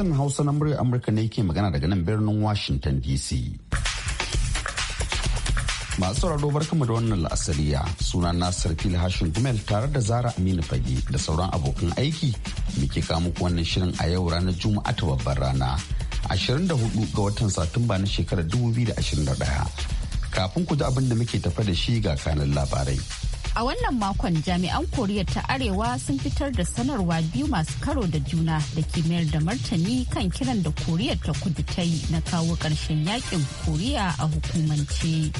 Sashen Hausa na muryar Amurka ne ke magana daga nan birnin Washington DC. Masu sauraro barkamu da wannan la'asariya suna Nasir Fil Hashin Gumel tare da Zara Aminu Fage da sauran abokan aiki muke kawo muku wannan shirin a yau ranar Juma'a ta babbar rana 24 ga watan Satumba na shekarar 2021. Kafin ku ji abin da muke tafa da shi ga kanin labarai. A wannan makon jami'an Koriya ta Arewa sun fitar da sanarwa biyu masu karo da juna da ke mayar da martani kan kiran da Koriya ta kudu ta yi na kawo ƙarshen yakin Koriya a hukumance.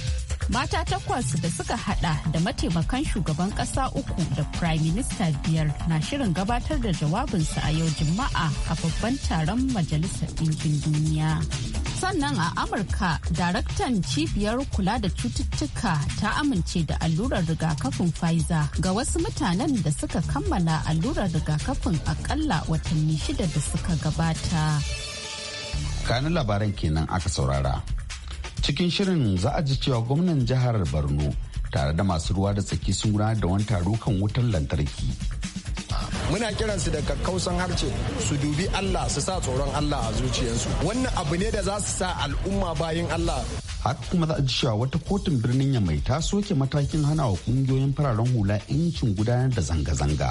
Mata takwas da suka hada da mataimakan shugaban ƙasa uku da Prime Minister biyar na shirin gabatar da jawabinsu a yau Juma'a a babban taron Majalisar Ɗinkin Duniya. sannan a amurka daraktan cibiyar kula da cututtuka ta amince da allurar rigakafin pfizer ga wasu mutanen da suka kammala allurar rigakafin akalla watanni shida da suka gabata kanin labaran kenan aka saurara cikin shirin za a ji cewa gwamnan jihar borno tare da masu ruwa da tsaki sun gudanar da wani taro kan wutar lantarki muna kiransu da kakkausan harce su dubi Allah su sa tsoron Allah a zuciyarsu wannan abu ne da za su sa al'umma bayan Allah haka kuma za a ji cewa wata kotun birnin yamai ta soke matakin hana wa kungiyoyin fararen hula 'yancin gudanar da zanga-zanga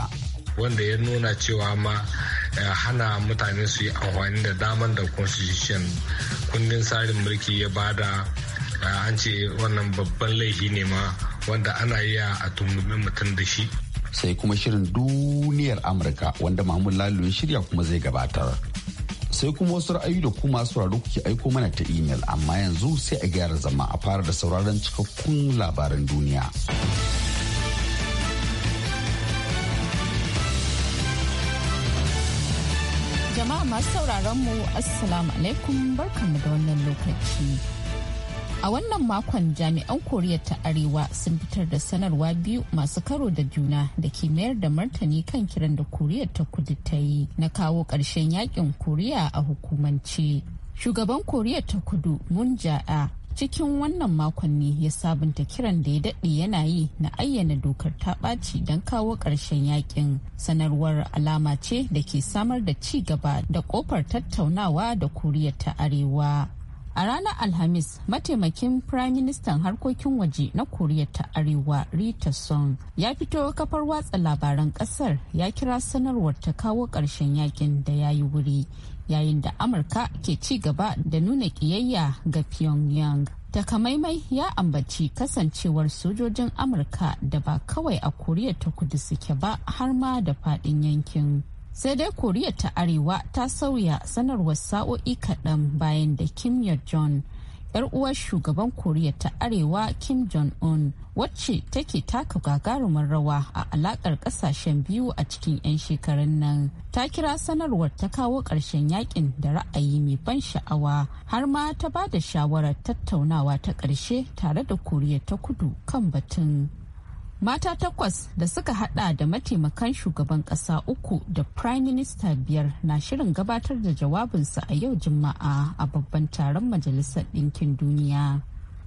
wanda ya nuna cewa ma eh, hana mutane su yi amfani da daman da constitution kundin tsarin mulki ya bada eh, an ce wannan babban laifi ne ma wanda ana iya a tumumin mutum da shi sai kuma shirin duniyar amurka wanda mahmud lalo ya shirya kuma zai gabatar sai kuma wasu ra'ayi da kuma sauraro kuke aiko mana ta imel amma yanzu sai a gyara zama a fara da sauraron cikakkun labaran duniya jama'a masu sauraron mu assalamu alaikum barkanmu da wannan lokaci A wannan makon jami'an Koriya ta Arewa sun fitar da sanarwa biyu masu karo da juna da ke mayar da martani kan kiran da Koriya ta kudu ta yi na kawo ƙarshen yakin Koriya a hukumance. Shugaban Koriya ta kudu Mun cikin wannan makon ne ya sabunta kiran da ya daɗe yana yi na ayyana dokar ta ɓaci don kawo ƙarshen yakin sanarwar alama ce da ke samar da ci gaba da ƙofar tattaunawa da koriya ta arewa A ranar Alhamis, mataimakin Firaministan harkokin waje na Koriya ta Arewa Rita Song ya fito kafar watsa labaran kasar ya kira sanarwar ta kawo ƙarshen yakin da ya yi wuri yayin da Amurka ke ci gaba da nuna ƙiyayya ga Pyongyang. Takamaimai ya ambaci kasancewar sojojin Amurka da ba kawai a Koriya ta kudu suke ba har ma da faɗin yankin. sai dai koriya ta arewa ta sauya sanarwar sa'o'i kaɗan bayan da kim yajon yar uwar shugaban koriya ta arewa kim jong-un wacce take taka gagarumin rawa a alakar kasashen biyu a cikin 'yan shekarun nan ta kira sanarwar ta kawo ƙarshen yakin da ra'ayi mai ban sha'awa har ma ta ba da shawarar tattaunawa ta ƙarshe tare da koriya ta kudu kan batun mata takwas da suka hada da mataimakan shugaban kasa uku da prime minister biyar na shirin gabatar da jawabinsa a yau juma'a a babban taron majalisar ɗinkin duniya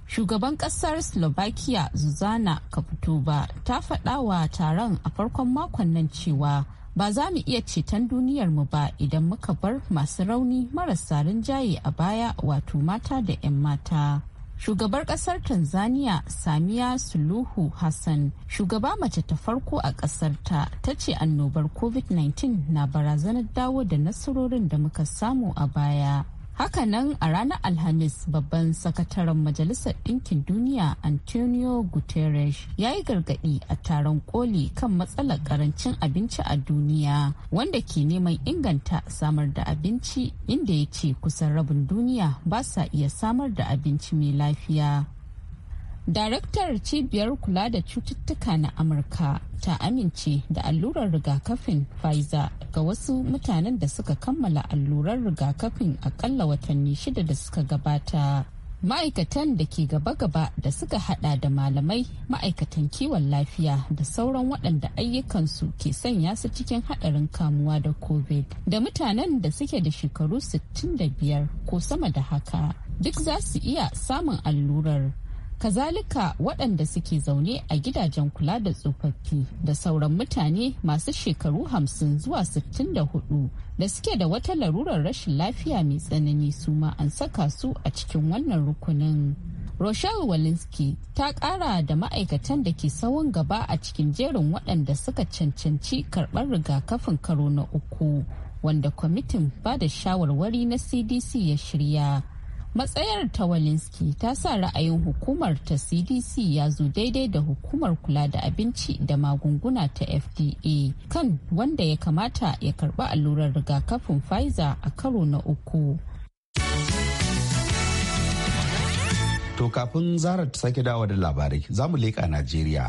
shugaban ƙasar slovakia zuzana kaputova ta faɗa wa taron a farkon makon nan cewa ba za mu iya ceton duniyarmu ba idan muka bar masu rauni marasa rinjaye a baya wato mata da 'yan mata shugabar kasar tanzania samiya suluhu hassan shugaba mace ta farko a kasar ta ta ce annobar covid-19 na barazanar dawo da nasarorin da muka samu a baya Hakanan a ranar Alhamis babban sakataren Majalisar Ɗinkin Duniya Antonio Guterres ya yi gargaɗi a taron koli kan matsalar karancin abinci a duniya wanda ke neman inganta samar da abinci inda ya ce kusan rabin duniya ba sa iya samar da abinci mai lafiya. Daraktar cibiyar kula da cututtuka na Amurka ta amince da allurar rigakafin Pfizer ga wasu mutanen da suka kammala allurar rigakafin akalla watanni shida da suka gabata. Ma'aikatan da ke gaba-gaba da suka hada da malamai, ma'aikatan kiwon lafiya da sauran waɗanda ayyukansu ke sanya su cikin haɗarin kamuwa da COVID da mutanen da suke da shekaru 65 ko sama da haka. Duk za su iya samun allurar kazalika waɗanda suke zaune a gidajen kula da tsofaffi da sauran mutane masu shekaru hamsin zuwa sittin da hudu da suke da wata larurar rashin lafiya mai tsanani su ma an saka su a cikin wannan rukunin rochelle walensky ta kara da ma'aikatan da ke tsawon gaba a cikin jerin waɗanda suka cancanci karɓar rigakafin karo na uku wanda kwamitin ba da shawarwari na cdc ya shirya matsayar ta walinski ta sa ra'ayin hukumar ta cdc ya zo daidai da hukumar kula da abinci da magunguna ta fda kan wanda ya kamata ya karba allurar rigakafin pfizer a karo na uku to kafin zarar ta sake dawa da labarai za mu leƙa najeriya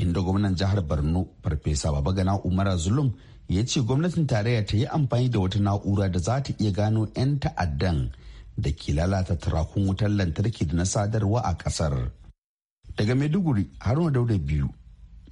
inda gwamnan jihar borno farfesa babagana umara zulum ya ce gwamnatin tarayya ta yi amfani da wata na'ura da za ta iya gano 'yan ta'addan da ke lalata turakun wutar lantarki da na sadarwa a kasar. Daga Maiduguri Haruna Dauda biyu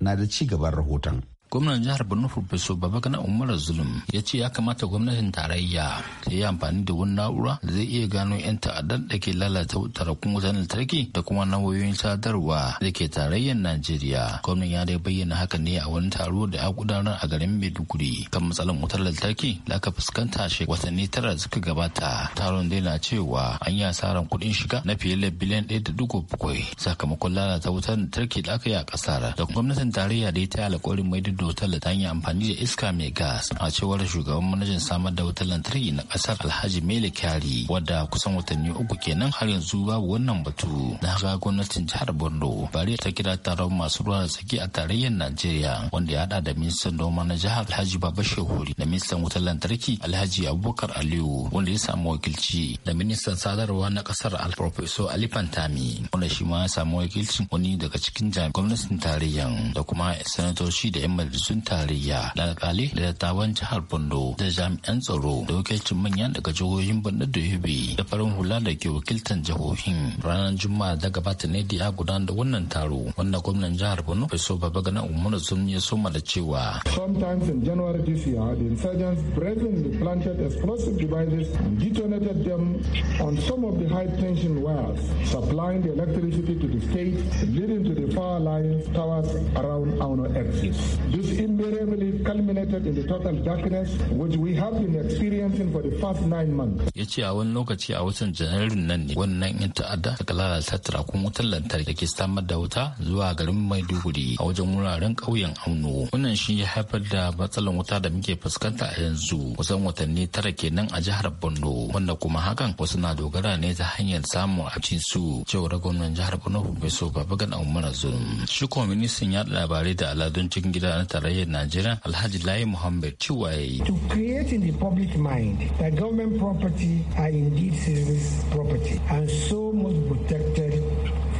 na da ci gaban rahoton. gwamnan jihar borno professor babagana umar zulum ya ce ya kamata gwamnatin tarayya ta yi amfani da wani na'ura da zai iya gano 'yan ta'addar da ke lalata tarakun wutar lantarki da kuma nauyoyin sadarwa da ke tarayyar najeriya gwamnan ya dai bayyana haka ne a wani taro da ya gudanar a garin maiduguri kan matsalar wutar lantarki da aka fuskanta shi watanni tara suka gabata taron dai na cewa an yi asaran kuɗin shiga na fiye da biliyan ɗaya da duk bakwai sakamakon lalata wutar lantarki da aka yi a ƙasar da gwamnatin tarayya da ta yi alƙawarin maiduguri da wutar ta hanyar amfani da iska mai gas a cewar shugaban manajan samar da wutar lantarki na kasar alhaji mele kyari wadda kusan watanni uku kenan har yanzu babu wannan batu na haka gwamnatin jihar borno bari ta kira taron masu ruwa tsaki a tarayyar najeriya wanda ya hada da ministan noma na jihar alhaji baba shehuri da ministan wutar lantarki alhaji abubakar aliyu wanda ya samu wakilci da ministan sadarwa na kasar alprofeso ali fantami wanda shi ma ya samu wakilcin wani daga cikin jami'an gwamnatin tarayyan da kuma sanatoci da yan Sun tarayya da alkalai da dattawan jihar Bondo da jami'an tsaro da wakilcin manyan daga jihohin Bondo da Yobe da farin hula da ke wakiltan jihohin. Ranar Juma'a da gabata ne da ya gudanar da wannan taro wanda gwamnan jihar Borno Feso Babagana Umaru sun ya soma da cewa. Sometimes in January this year, the insurgents brazenly planted explosive devices and detonated them on some of the high tension wires supplying the electricity to the state leading to the power lines towers around Auno Exit. This invariably culminated in the total darkness which we have been experiencing for the past nine months. Ya ce a wani lokaci a watan Janairun nan ne wannan yan ta'adda suka lalata tarakun wutar lantarki da ke samar da wuta zuwa garin Maiduguri a wajen wuraren ƙauyen Auno. Wannan shi ya haifar da matsalar wuta da muke fuskanta a yanzu kusan watanni tara kenan a jihar Borno wanda kuma hakan wasu na dogara ne ta hanyar samun cewa cewar gwamnan jihar Borno Professor Babagan Umar Zulum. Shi kuma ministan yaɗa labarai da aladun cikin gida na tarayyar Najeriya Alhaji layi Muhammad cewa ya yi. To create in the public mind that government property are indeed serious property and so much protected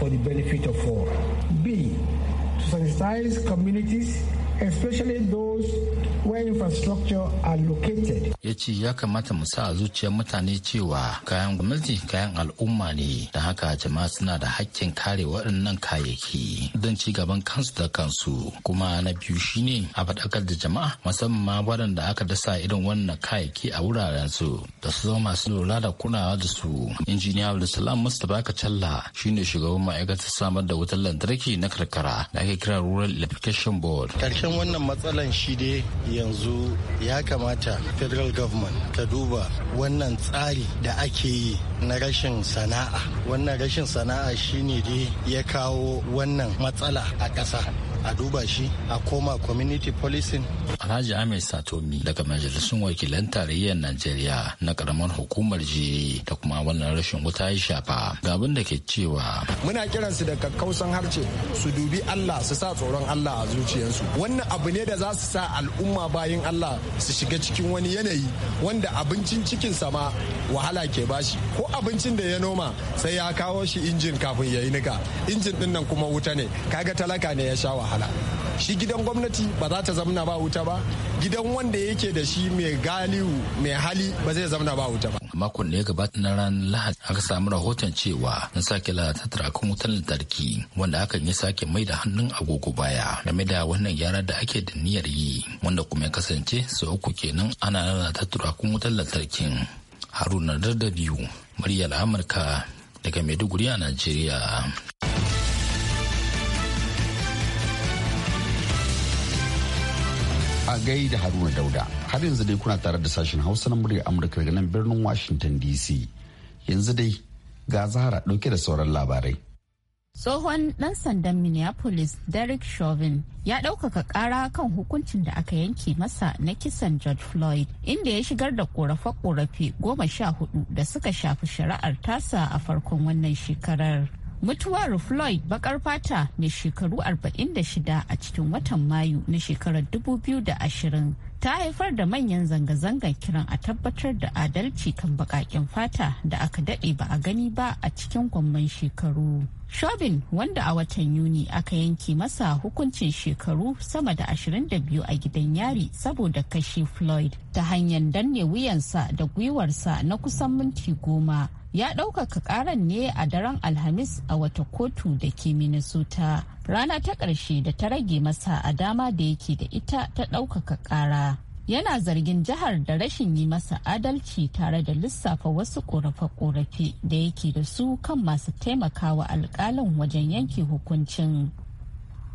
for the benefit of all. B. To sensitize communities especially those where infrastructure are located. Ya ce ya kamata mu sa a zuciyar mutane cewa kayan gwamnati kayan al'umma ne da haka jama'a suna da hakkin kare waɗannan kayayyaki don ci gaban kansu da kansu kuma na biyu shine a faɗakar da jama'a musamman waɗanda aka dasa irin wannan kayayyaki a wuraren su da su zama masu lura da kulawa da su. Injiniya Abdulsalam Mustapha Kacalla shine shugaban ma'aikatar samar da wutar lantarki na karkara da ake kira Rural Electrification Board. Karshen gaskiyan wannan matsalan shi dai yanzu ya kamata federal government ta duba wannan tsari da ake yi na rashin sana'a wannan rashin sana'a shine dai ya kawo wannan matsala a ƙasa a duba shi a koma community policing. Alhaji Ahmed Satomi daga Majalisun Wakilan Tarayyar Najeriya na karamar hukumar jiri da kuma wannan rashin wuta ya shafa ga abin da ke cewa. Muna kiransu da kakkausan harce su dubi Allah su sa tsoron Allah a zuciyarsu. Wannan abu ne da za su sa al'umma bayan Allah su shiga cikin wani yanayi wanda abincin cikin sama wahala ke bashi ko abincin da ya noma sai ya kawo shi injin kafin ya yi nika injin din nan kuma wuta ne kaga talaka ne ya sha wahala shi gidan gwamnati ba za ta zamna ba wuta ba gidan wanda yake da shi mai galiwu mai hali ba zai zamna ba wuta ba a makon da ya gabata na ran lahadi aka samu rahoton cewa na sake lalata tarakun wutar lantarki wanda hakan yi sake mai da hannun agogo baya game da wannan gyara da ake da niyyar yi wanda kuma ya kasance sau uku kenan ana lalata turakun wutar lantarkin haruna da biyu muryar amurka daga maiduguri a najeriya a da haruna dauda har yanzu dai kuna tare da sashen hausa na murya amurka daga nan birnin washington dc yanzu dai ga zahara dauke da sauran labarai tsohon dan sandan minneapolis derek chauvin ya ɗaukaka ƙara kan hukuncin da aka yanke masa na kisan george floyd inda ya shigar da korafe-korafe goma sha hudu da suka shafi shari'ar tasa a farkon wannan shekarar mutuwar floyd bakar fata mai shekaru 46 a cikin watan mayu na shekarar 2020 ta haifar da manyan zanga-zangar kiran a tabbatar da adalci kan baƙaƙen fata da aka daɗe ba a gani ba a cikin gwamman shekaru Shobin wanda a watan Yuni aka yanke masa hukuncin shekaru sama da 22 a gidan yari saboda kashe Floyd ta hanyar danne wuyansa da gwiwarsa na kusan minti goma. Ya ɗaukaka ƙaran ne a daren Alhamis a wata kotu da ke Minnesota. Rana ta ƙarshe da ta rage masa a dama da yake da ita ta ɗaukaka ƙara. yana zargin jihar da rashin yi masa adalci tare da lissafa wasu korafe-korafe da yake da su kan masu taimakawa alkalin wajen yanke hukuncin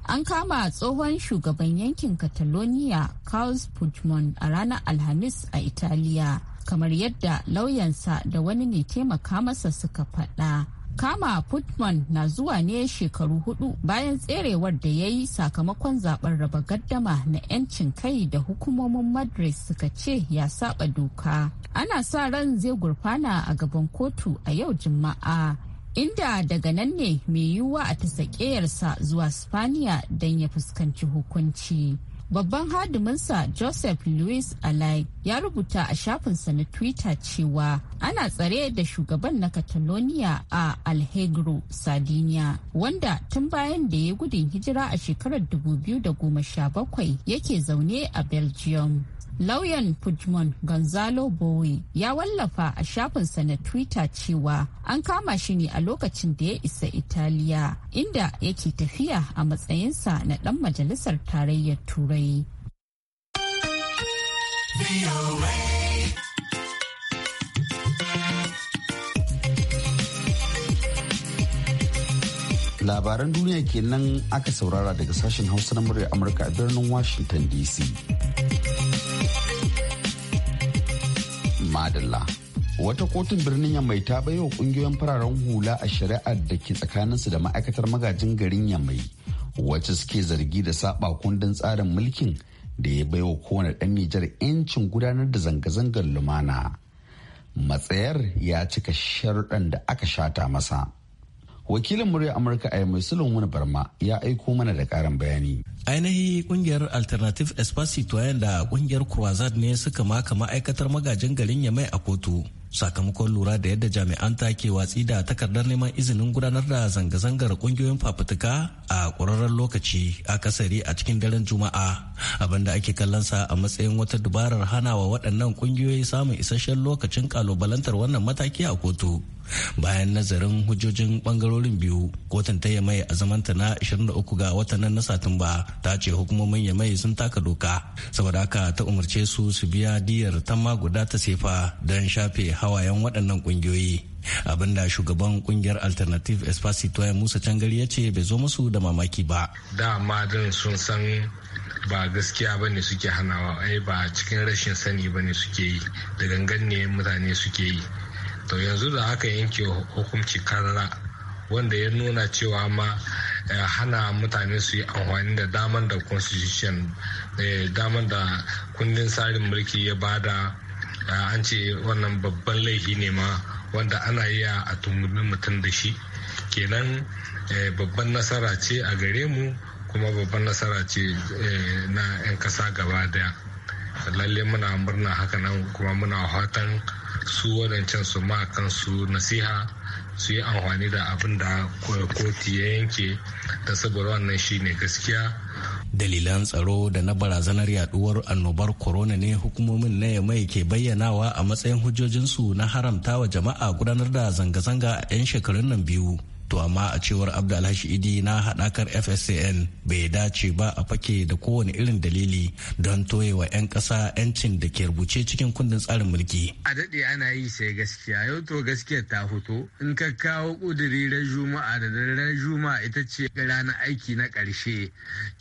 an kama tsohon shugaban yankin catalonia carlos puigdemont a ranar alhamis a italiya kamar yadda lauyansa da wani ne taimaka masa suka faɗa kama putman na zuwa ne shekaru hudu bayan tserewar da ya yi sakamakon zaben raba gaddama na 'yancin kai da hukumomin madrid suka ce ya saba doka ana sa ran zai gurfana a gaban kotu a yau juma'a inda daga nan ne mai yiwuwa a ta zuwa spaniya don ya fuskanci hukunci babban hadiminsa joseph louis alai ya rubuta a shafinsa na twitter cewa ana tsare da shugaban na catalonia a alhegro sardinia wanda tun bayan da ya gudun hijira a shekarar 2017 yake zaune a belgium lauyan pujman Gonzalo bowie ya wallafa a shafinsa na Twitter cewa an kama shi ne a lokacin da ya isa Italiya inda yake tafiya a matsayinsa na ɗan majalisar tarayyar Turai. Labaran duniya kenan aka saurara daga sashen Hausa na murya Amurka a birnin Washington DC. madalla wata kotun birnin yamai ta baiwa kungiyoyin fararen hula a shari'ar da ke tsakaninsu da ma'aikatar magajin garin yamai wacce suke zargi da saba kundin tsarin mulkin da ya baiwa kowane ɗan nijar 'yancin gudanar da zanga-zangar lumana matsayar ya cika sharuɗan da aka shata masa wakilin murya amurka a mai sulun wani barma ya aiko mana da karin bayani ainihi kungiyar alternative espacito da kungiyar croissant ne suka maka ma'aikatar magajin garin yamai a kotu sakamakon lura da yadda jami'an ta ke watsi da takardar neman izinin gudanar da zanga-zangar kungiyoyin fafutuka a ƙwararren lokaci a kasari a cikin daren juma'a abinda ake kallon sa a matsayin wata dubarar wa waɗannan kungiyoyi samun isasshen lokacin kalubalantar wannan mataki a kotu bayan nazarin hujjojin bangarorin biyu kotun ta yamai a zamanta na 23 ga watan nan na satumba ta ce hukumomin yamai sun taka doka saboda haka ta umarce su su biya diyar tamma guda ta sefa don shafe hawayen waɗannan ƙungiyoyi abinda shugaban kungiyar alternative espacito ya musa cangari ya ce bai zo musu da mamaki ba da ma din sun san ba gaskiya ba ne suke hanawa ai ba cikin rashin sani ba ne suke yi da gangan ne mutane suke yi to yanzu da aka yanke hukunci karara wanda ya nuna cewa ma eh, hana mutane su yi amfani da daman da constitution eh, daman da kundin tsarin mulki ya bada an ce wannan babban laifi ne ma wanda ana yi a tungumi mutum da shi kenan eh, babban nasara ce a gare mu kuma babban nasara ce eh, na 'yan kasa gaba daya lalle muna murna haka nan kuma muna fatan su wadancan su ma kansu nasiha su yi amfani da abin da kotu ya yanke da saboda wannan ne gaskiya dalilan tsaro da na barazanar yaduwar annobar corona ne hukumomin na yamai ke bayyanawa a matsayin hujjojinsu na haramta wa jama'a gudanar da zanga-zanga a 'yan shekarun nan biyu to amma a cewar abda idi na hadakar fscn bai dace ba a fake da kowane irin dalili don toyewa 'yan kasa 'yancin da ke rubuce cikin kundin tsarin mulki a daɗe ana yi sai gaskiya yau to gaskiya ta fito in ka kawo ƙudiri ran juma'a da ran juma'a ita ce ranar aiki na ƙarshe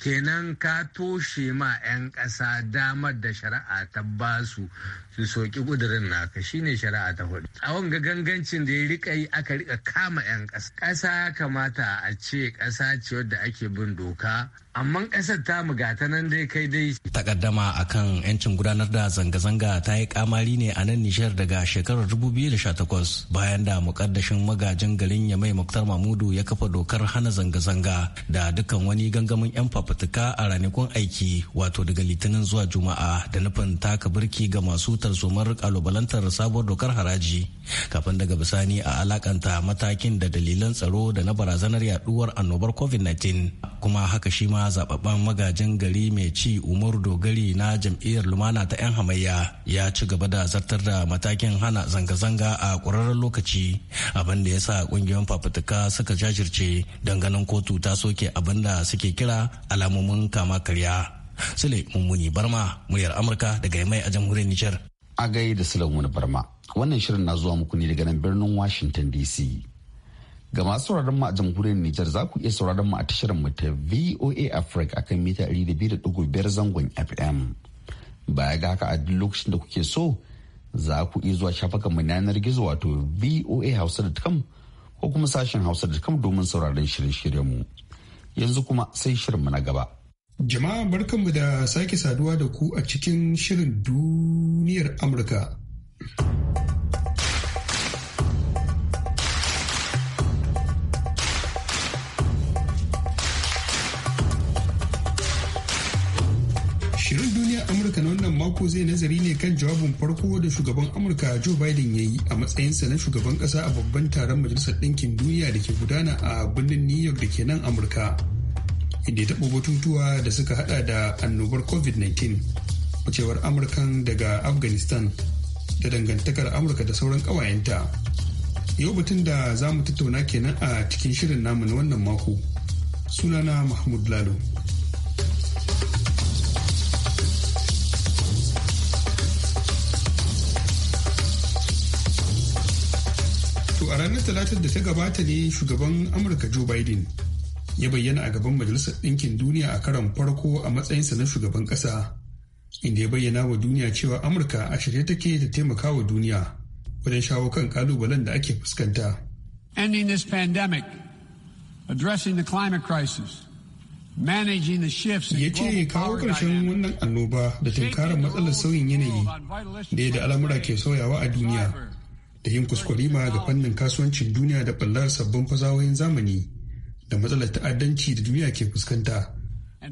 kenan ka toshe ma 'yan kasa damar da shari'a ta basu su soki ƙudirin naka shine shari'a ta hudu a wanga gangancin da ya rika yi aka rika kama 'yan kasa. ƙasa kamata a ce ƙasa ce wadda ake bin doka amma ƙasar ta mugata ta nan dai kai dai. Takaddama akan 'yancin gudanar da zanga-zanga ta yi kamari ne a nan Nijar daga shekarar 2018 bayan da mukaddashin magajin garin Yamai Muktar Mamudu ya kafa dokar hana zanga-zanga da dukkan wani gangamin 'yan fafutuka a ranakun aiki wato daga Litinin zuwa Juma'a da nufin taka birki ga masu tarzomar kalubalantar sabuwar dokar haraji kafin daga bisani a alakanta matakin da dalilan tsaro da na barazanar yaduwar annobar COVID-19 kuma haka shi ma zababban magajin gari mai ci umaru dogari na jam'iyyar lumana ta 'yan hamayya ya ci gaba da zartar da matakin hana zanga-zanga a ƙwararren lokaci abin da ya sa ƙungiyar fafutuka suka jajirce don ganin kotu ta soke abin da suke kira alamomin kama karya sule mummuni barma muryar amurka daga mai a jamhuriyar nijar a gaida sule barma wannan shirin na zuwa muku ne daga nan birnin washington dc Ga masu sauraron mu a jamhuriyar Nijar za ku iya sauraron mu a tashar mu ta VOA Africa akan mita 200.5 zangon FM. Baya ga haka a duk lokacin da kuke so za ku iya zuwa shafakan mu yanar gizo wato voahausa.com ko kuma sashen hausa hausa.com domin sauraron shirin shiryen mu. Yanzu kuma sai shirin mu na gaba. Jama'a barkanmu da sake saduwa da ku a cikin shirin duniyar Amurka. Shirin duniya Amurka na wannan mako zai nazari ne kan jawabin farko da shugaban Amurka Joe Biden ya yi a matsayinsa na shugaban ƙasa a babban taron Majalisar Ɗinkin Duniya da ke gudana a birnin New York da ke nan Amurka. Inda ya taɓo batutuwa da suka hada da annobar COVID-19, ficewar Amurkan daga Afghanistan da dangantakar Amurka da sauran ƙawayenta. Yau batun da za mu tattauna kenan a cikin shirin namu na wannan mako. Sunana Mahmud Lalo. a ranar talatar da ta gabata ne shugaban amurka joe biden ya bayyana a gaban majalisar ɗinkin duniya a karon farko a matsayinsa na shugaban ƙasa inda ya bayyana wa duniya cewa amurka a shirye take da taimaka wa duniya wajen shawo kan kalubalen da ake fuskanta ending this pandemic addressing the climate crisis ya ce kawo ƙarshen wannan annoba da tunkarar matsalar sauyin yanayi da yadda al'amura ke sauyawa a duniya da yin kuskurima ga fannin kasuwancin duniya da ɓallar sabbin fasahohin zamani da matsalar ta'addanci da duniya ke fuskanta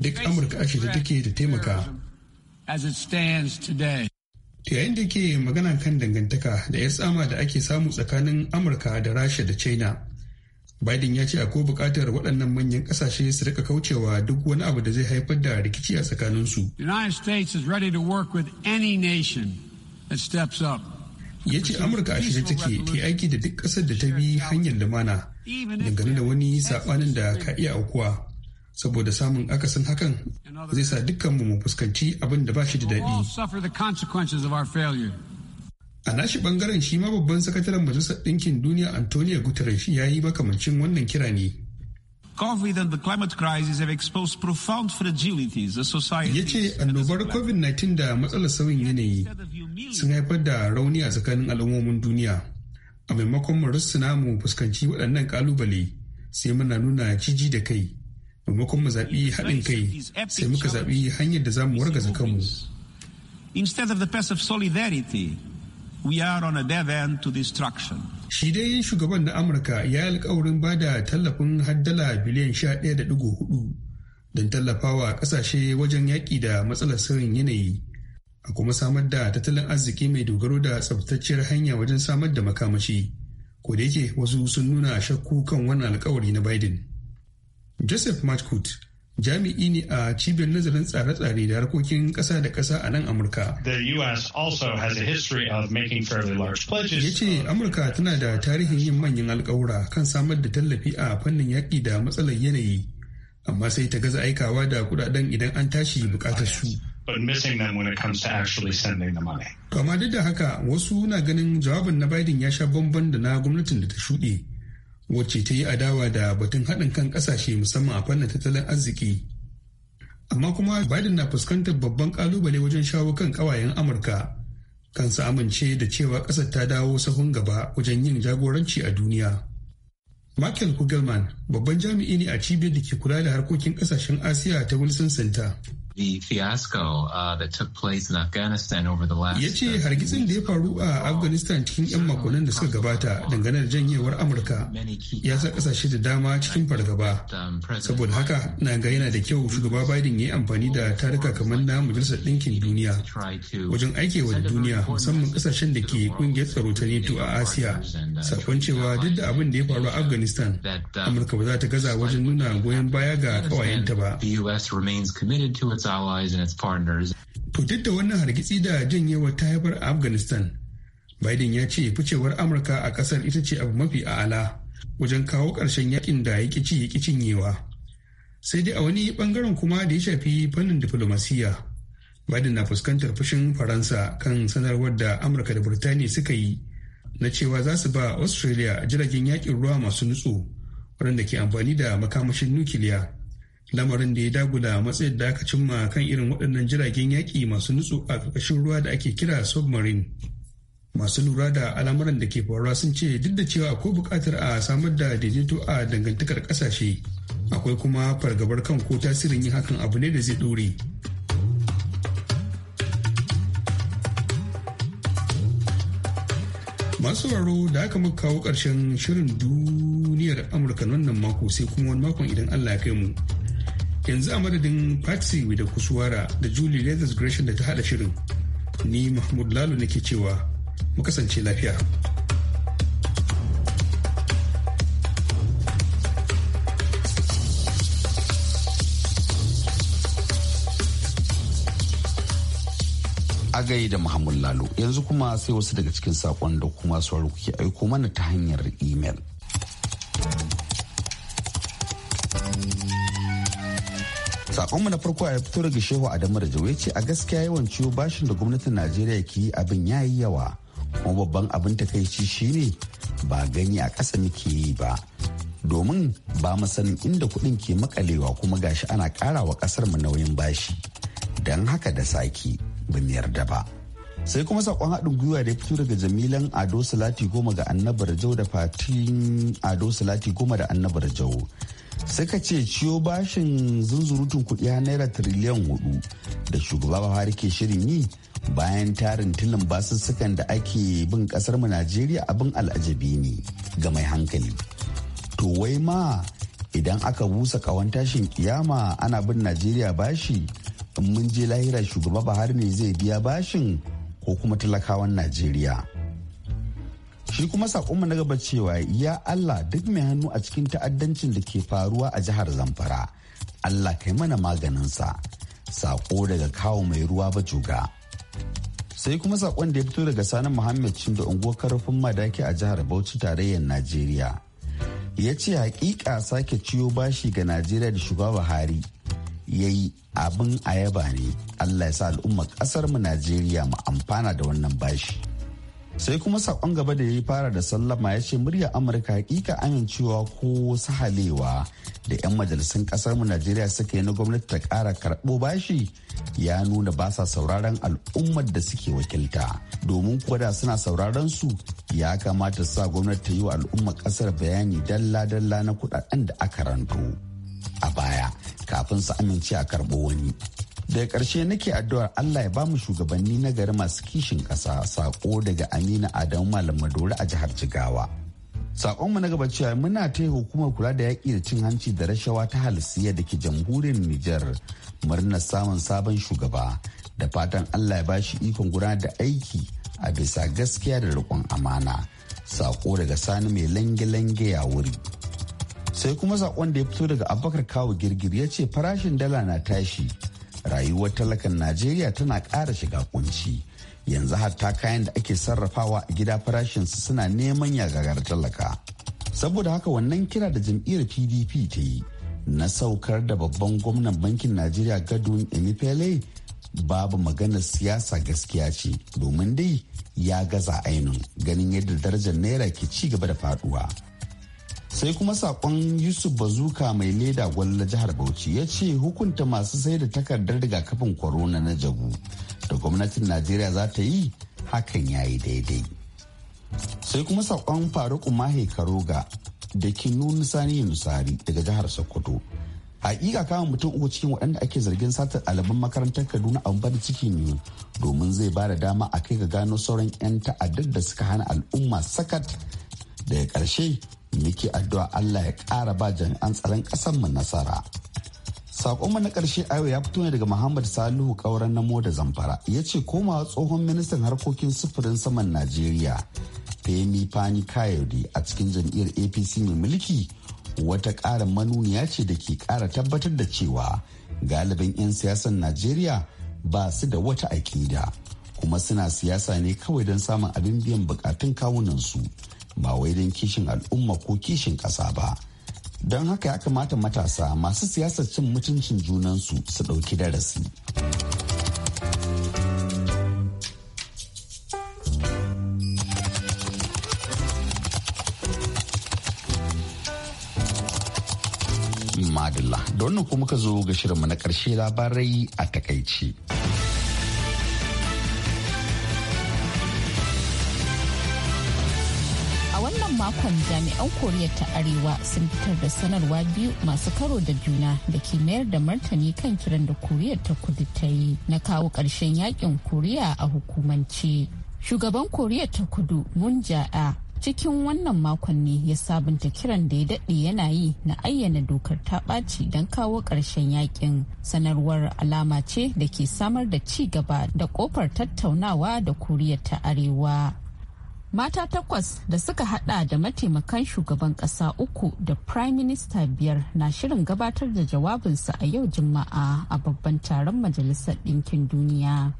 duk amurka ashe da take da taimaka ta yayin da ke magana kan dangantaka da ya tsama da ake samu tsakanin amurka da rasha da china biden ya ce akwai bukatar waɗannan manyan ƙasashe su rika kaucewa duk wani abu da zai haifar da rikici a tsakaninsu united states is ready to work with any nation that steps up ya ce amurka a shirye take ta aiki da duk ƙasar da ta bi hanyar da mana dangane da wani saɓanin da ka iya aukuwa saboda samun akasin hakan zai sa dukkanmu mu fuskanci abin da ba shi da daɗi a nashi ɓangaren shi ma babban sakataren majalisar ɗinkin duniya antonio guterres ya yi makamancin wannan kira ne COVID and the climate crisis have exposed profound fragilities the society. Ya ce annobar COVID-19 da matsalar sauyin yanayi sun haifar da rauni a tsakanin al'ummomin duniya. A maimakon mu rissuna mu fuskanci waɗannan kalubale sai muna nuna jiji da kai. Maimakon mu zaɓi haɗin kai sai muka zaɓi hanyar da za mu wargaza kanmu. Instead of the path of solidarity, we are on a dead end to destruction. Shi dai shugaban na Amurka ya yi alkawarin ba da tallafin haddala biliyan sha-daya da 11.4 don tallafawa kasashe wajen yaƙi da matsalar sauyin yanayi a kuma samar da tattalin arziki mai dogaro da tsabtacciyar hanya wajen samar da makamashi. Ko da yake wasu sun nuna shakku kan wannan alkawari na Biden. Joseph Matkut jami'i ne a cibiyar nazarin tsare-tsare da harkokin ƙasa da ƙasa a nan Amurka. Ya ce Amurka tana da tarihin yin manyan alkawura kan samar da tallafi a fannin yaƙi da matsalar yanayi, amma sai ta gaza aikawa da kudaden idan an tashi bukatar su. kama duk da haka wasu na ganin jawabin na Biden ya sha bamban da na gwamnatin da ta shuɗe wacce ta yi adawa da batun haɗin kan ƙasashe musamman a fannin tattalin arziki amma kuma biden na fuskantar babban ƙalubale wajen shawo kan ƙawayen amurka kansa amince da cewa ƙasar ta dawo sahun gaba wajen yin jagoranci a duniya michael kugelman babban jami'i ne a cibiyar da ke kula da harkokin ƙasashen asiya ta wilson center the fiasco uh, that took place in Afghanistan over the last. Ya ce uh, hargitsin da ya faru a Afghanistan cikin 'yan makonnin da suka gabata dangane da janyewar Amurka ya sa kasashe da dama cikin fargaba. Um, Saboda haka na ga yana da kyau shugaba Biden ya yi amfani da taruka kamar na Majalisar Ɗinkin Duniya wajen aikewa duniya musamman kasashen da ke kungiyar tsaro ta NATO a Asiya. Sakon cewa duk da abin da ya faru a um, Afghanistan, um, Amurka ba za ta gaza wajen nuna goyon baya ga kawayenta ba. The US remains its allies and its partners. To da wannan hargitsi da janyewar ta haifar a Afghanistan, Biden ya ce ficewar Amurka a ƙasar ita ce abu mafi a'ala wajen kawo ƙarshen yakin da ya ci ya cinyewa. Sai dai a wani bangaren kuma da ya shafi fannin diflomasiyya. Biden na fuskantar fushin Faransa kan sanarwar da Amurka da Burtaniya suka yi na cewa za su ba Australia jiragen yakin ruwa masu nutso waɗanda ke amfani da makamashin nukiliya lamarin da ya dagula matsayin da aka cimma kan irin waɗannan jiragen yaƙi masu nutsu a ƙarƙashin ruwa da ake kira submarine masu lura da al'amuran da ke faruwa sun ce duk da cewa akwai buƙatar a samar da daidaito a dangantakar ƙasashe akwai kuma fargabar kan ko tasirin yin hakan abu ne da zai ɗore masu raro da aka muka kawo ƙarshen shirin duniyar amurka wannan mako sai kuma wani makon idan allah ya kai mu yanzu a madadin patsy da kusuwara da julie leathers gresham da ta hada shirin ni mahmud lalu nake cewa mu kasance lafiya agaye da Muhammad Lalo yanzu kuma sai wasu daga cikin sakon da kuma sauraro kuke aiko mana ta hanyar imel. sakonmu na farko ya fito daga shehu adamu da ya ce a gaskiya yawan ciwo bashin da gwamnatin najeriya ke yi abin ya yi yawa kuma babban abin ta shi shine ba gani a ƙasa muke yi ba domin ba mu sanin inda kuɗin ke makalewa kuma gashi ana ƙara wa ƙasar mu nauyin bashi don haka da saki ba mu yarda ba sai kuma sakon haɗin gwiwa da ya fito daga jamilan ado salati goma ga annabar jau da fatin ado salati goma da annabar jau suka ce ciyo bashin zunzurutun kuɗi a naira triliyan hudu da shugaba buhari ke shirin yi bayan tarin tilin basussukan da ake bin kasar mu najeriya abin al'ajabi ne ga mai hankali to wai ma idan aka busa kawan tashin kiyama ana bin najeriya bashi in mun je lahira shugaba buhari ne zai biya bashin ko kuma talakawan najeriya Shi kuma sakonmu na gaba cewa ya Allah duk mai hannu a cikin ta'addancin da ke faruwa a jihar Zamfara. Allah kai mana maganin sa Sako daga kawo mai ruwa ba juga. Sai kuma sakon da ya fito daga Sani Muhammad cin da unguwar karfin madaki a jihar Bauchi tarayyar Najeriya. Ya ce hakika sake ciyo bashi ga Najeriya da shugaba Buhari Yayi abin abin ayaba ne. Allah ya sa al'ummar ƙasar mu Najeriya mu amfana da wannan bashi. sai kuma sakon gaba da ya fara da sallama ya ce muryar amurka hakika amincewa ko sahalewa da 'yan majalisun kasar mu najeriya suka yi na gwamnati ta kara karɓo bashi ya nuna ba sa sauraron al'ummar da suke wakilta domin kuwa da suna sauraron su ya kamata sa gwamnati ta yi wa al'ummar kasar bayani dalla-dalla na kudaden da aka ranto a baya kafin su amince a karɓo wani daga ƙarshe nake addu'ar allah ya bamu shugabanni na gari masu kishin ƙasa saƙo daga amina adamu malam madori a jihar jigawa mu na gaba cewa muna taya hukumar kula da yaƙi da cin hanci da rashawa ta halisiyya da ke jamhuriyar nijar murnar samun sabon shugaba da fatan allah ya bashi ikon gudanar da aiki a bisa gaskiya da riƙon amana saƙo daga sani mai lange-lange ya wuri sai kuma sakon da ya fito daga abubakar kawo girgir ya ce farashin dala na tashi rayuwar talakan najeriya tana ƙara shiga kunci yanzu hatta kayan da ake sarrafawa a gida farashinsu suna neman ya gagara talaka saboda haka wannan kira da jam'iyyar pdp ta yi na saukar da babban gwamnan bankin najeriya gadon emifele babu maganar siyasa gaskiya ce domin dai ya gaza ainun ganin yadda darajar naira ke ci gaba da faduwa sai kuma sakon yusuf bazuka mai leda gwalla jihar bauchi ya ce hukunta masu sai da takardar rigakafin korona na jabu da gwamnatin najeriya za ta yi hakan ya yi daidai sai kuma sakon faruk mahe karoga da kinun sani nusari daga jihar sokoto hakika kama mutum uku cikin waɗanda ake zargin satar ɗaliban makarantar kaduna a bada ciki ne domin zai ba da dama a kai ga gano sauran 'yan ta'addar da suka hana al'umma sakat daga ƙarshe yake addu'a Allah ya ƙara ba jami'an tsaron ƙasar mu nasara. Sakonmu na ƙarshe a ya fito ne daga Muhammad Salihu ƙauren na Moda Zamfara ya ce komawa tsohon ministan harkokin sufurin saman Najeriya Femi Fani Kayode a cikin jam'iyyar APC mai mulki wata ƙara manuniya ce da ke ƙara tabbatar da cewa galibin 'yan siyasan Najeriya ba su da wata aƙida kuma suna siyasa ne kawai don samun abin biyan bukatun kawunansu. su. ba wai don kishin al'umma ko kishin ƙasa ba don haka ya kamata matasa masu siyasar cin mutuncin junansu su ɗauki darasi madalla da wannan kuma ka zo ga shirinmu na ƙarshe labarai a takaici. makon jami'an koriya ta arewa sun fitar da sanarwa biyu masu karo da juna da ke mayar da martani kan kiran da koriya ta kudu ta yi na kawo ƙarshen yakin koriya a hukumance shugaban koriya ta kudu mun ja'a cikin wannan makon ne ya sabunta kiran da ya daɗe yana yi na ayyana dokar ta ɓaci don kawo ƙarshen yakin sanarwar alama ce da ke samar da ci gaba da ƙofar tattaunawa da koriya ta arewa mata takwas da suka hada da mataimakan shugaban kasa uku da prime minister biyar na shirin gabatar da jawabinsa a yau juma'a a babban taron majalisar ɗinkin duniya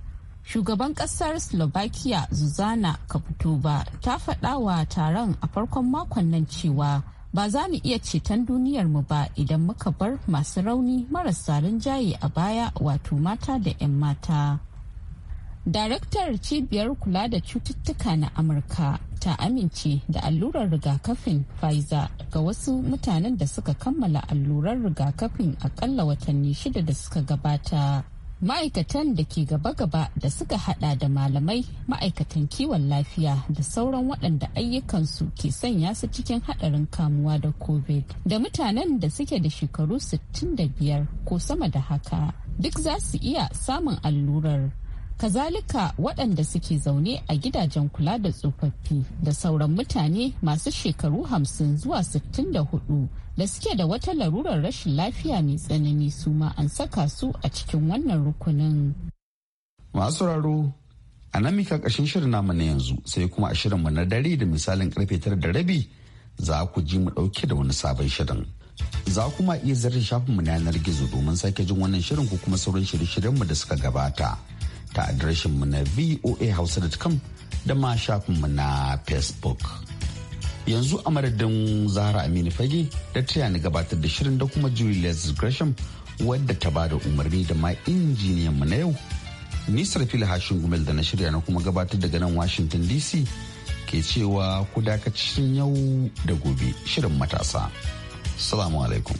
shugaban ƙasar slovakia zuzana kaputova ta faɗa wa taron a farkon makon nan cewa ba za mu iya ceton duniyarmu ba idan muka bar masu rauni marasa rinjaye a baya wato mata da 'yan mata Daraktar cibiyar kula da cututtuka na Amurka ta amince da allurar rigakafin Pfizer ga wasu mutanen da suka kammala allurar rigakafin akalla watanni shida da suka gabata. ma'aikatan da ke gaba-gaba da suka hada da malamai ma'aikatan kiwon lafiya da sauran waɗanda ayyukansu ke sanya su cikin haɗarin kamuwa da covid da mutanen da suke da shekaru 65 ko sama da haka duk za su iya samun allurar kazalika waɗanda suke zaune a gidajen kula da tsofaffi da sauran mutane masu shekaru hamsin zuwa sittin da hudu da suke da wata larurar rashin lafiya mai tsanani su ma an saka su a cikin wannan rukunin. masu raro a nan mika ƙashin shirin namu na yanzu sai kuma a shirinmu na dare da misalin karfe tara da rabi za ku ji mu ɗauke da wani sabon shirin. za kuma iya zarta shafinmu na yanar gizo domin sake jin wannan shirin ko kuma sauran shirye-shiryenmu da suka gabata. ta adireshinmu na voa hausa.com da ma shafinmu na facebook yanzu a madadin zahra aminu fage da taya ni gabatar da shirin da kuma julius gresham wadda ta ba da umarni da ma injiniyanmu na yau nisar fili hashin gumel da na shirya na kuma gabatar daga nan washington dc ke cewa ku dakacin yau da gobe shirin matasa. Salamu alaikum.